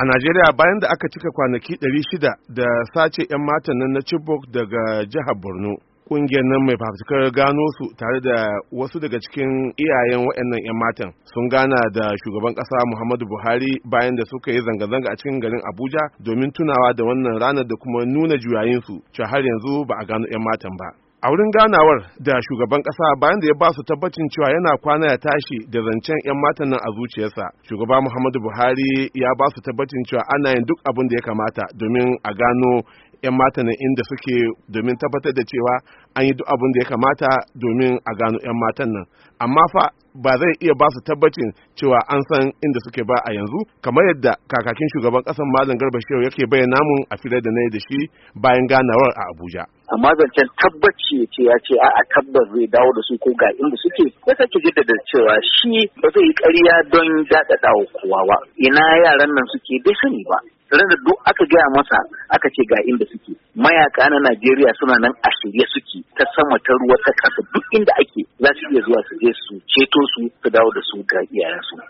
A Najeriya bayan da aka cika kwanaki 600 da sace 'yan matan nan na Chibok daga jihar Borno, kungiyar nan mai fafutukar gano su tare da wasu daga cikin iyayen waɗannan 'yan matan sun gana da shugaban ƙasa Muhammadu Buhari bayan da suka yi zanga-zanga a cikin garin Abuja domin tunawa da wannan ranar da kuma nuna juyayinsu, har yanzu ba a gano 'yan matan ba. a wurin ganawar da shugaban kasa bayan da ya ba su tabbacin cewa yana kwana ya tashi da zancen 'yan matan nan a zuciyarsa shugaba muhammadu buhari ya ba su tabbacin cewa ana yin duk abin da ya kamata domin a gano 'yan matan nan inda suke domin tabbatar da cewa an yi duk abin da ya kamata domin a gano 'yan matan nan amma fa ba zai iya ba su tabbacin cewa an san inda suke ba a yanzu kamar yadda kakakin shugaban kasan malam garba shehu yake bayyana mun a filar da na yi da shi bayan ganawar a abuja amma zancen tabbaci ya ce ya ce a'a tabbas zai dawo da su ko ga inda suke ya sake jaddada cewa shi ba zai yi ƙarya don daɗaɗa wa kowa ba ina yaran nan suke bai sani ba tare da duk aka gaya masa aka ce ga inda suke mayaka na Najeriya suna nan a shirye suke ta sama ta ruwa ta kasa duk inda ake za su iya zuwa su je su ceto su su dawo da su ga iyayensu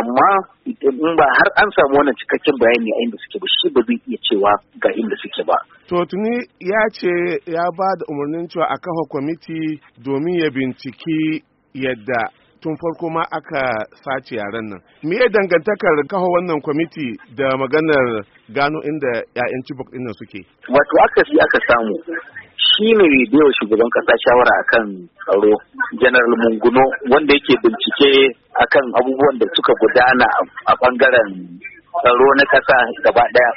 amma in ba har an samu wannan cikakken bayani a inda suke ba shi ba zai iya cewa ga inda suke ba to tuni ya ce ya ba da umarnin cewa a kafa kwamiti domin ya binciki yadda tun farko ma aka sace yaren nan me ya dangantakar kawo wannan kwamiti da maganar gano inda 'ya'yan cibok ɗin suke wato aka aka samu shi ne baiwa shugaban kasa shawara akan tsaro general munguno wanda yake bincike akan abubuwan da suka gudana a bangaren tsaro na kasa gaba daya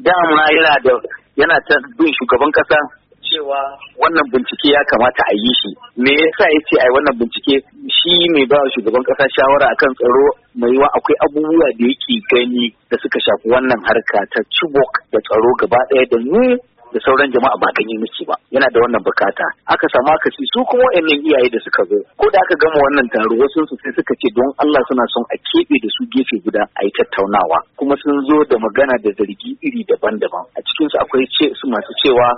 dama yana da yana ta bin shugaban kasa cewa wannan bincike ya kamata a yi shi me yasa ya ce a wannan bincike shi mai ba shugaban kasa shawara akan tsaro mai wa akwai abubuwa da yake gani da suka shafi wannan harka ta cibok da tsaro gaba daya da ni? da sauran jama'a ba kan yi miki ba yana da wannan bukata aka samu aka ci su kuma wayannan iyaye da suka zo ko da aka gama wannan taro wasu su sai suka ce don Allah suna son a kebe da su gefe guda a yi tattaunawa kuma sun zo da magana da zargi iri daban-daban a cikinsu akwai ce su masu cewa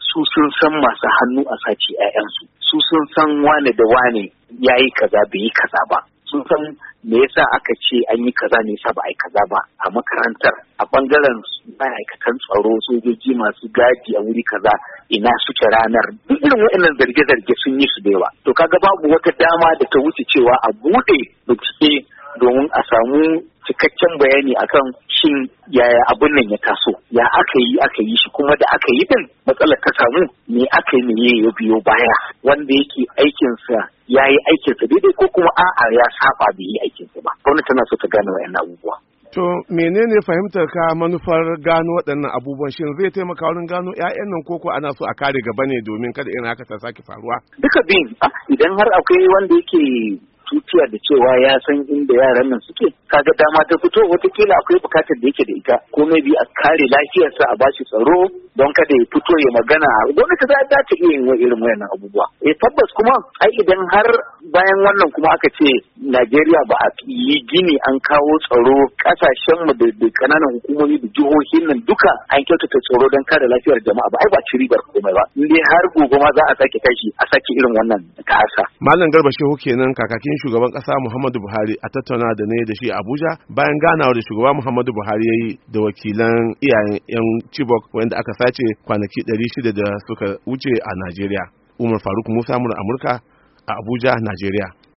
su sun san masu hannu a sace 'ya'yansu su sun san wane da wane yayi kaza bai yi kaza ba sun san me yasa aka ce an yi kaza ne yasa ba a yi kaza ba a makarantar a bangaren ma'aikatan tsaro sojoji masu gadi a wuri kaza ina suke ranar duk irin waɗannan zarge-zarge sun yi su da yawa to kaga babu wata dama da ta wuce cewa a buɗe bincike domin a samu cikakken bayani akan shin yaya abin nan ya taso ya aka yi aka yi shi kuma da aka yi din matsalar ta samu me aka yi ne ya biyo baya wanda yake aikinsa ya yi aikinsa daidai ko kuma a'a ya saba bai yi aikinsa ba gwamnati tana so ta gane wa abubuwa To menene fahimtar ka manufar gano waɗannan abubuwan shin zai taimaka wurin gano 'ya'yan nan koko ana so a kare gaba ne domin kada irin haka ta sake faruwa? Duka bin ah, idan har akwai wanda yake tutiya da cewa ya san inda yaran nan suke kaga dama ta fito wata kila akwai bukatar da yake da ita ko bi a kare lafiyarsa a bashi tsaro don kada ya fito ya magana gwamnati za ta ta iya yin irin wayannan abubuwa eh tabbas kuma ai idan har bayan wannan kuma aka ce Najeriya ba a yi gini an kawo tsaro kasashen mu da kananan hukumomi da jihohin nan duka an kyautata tsaro don kare lafiyar jama'a ba ai ba ci ribar komai ba in dai har gobe ma za a sake kashi a sake irin wannan kasa malam garba shehu kenan kakakin shugaban kasa Muhammadu Buhari a tattauna da ne da shi Abuja bayan ganawa da shugaba Muhammadu Buhari ya yi da wakilan iyayen 'yan Chibok wanda aka sace kwanaki 600 da suka wuce a Najeriya. Umar Faruk Musa Amurka a Abuja, Najeriya.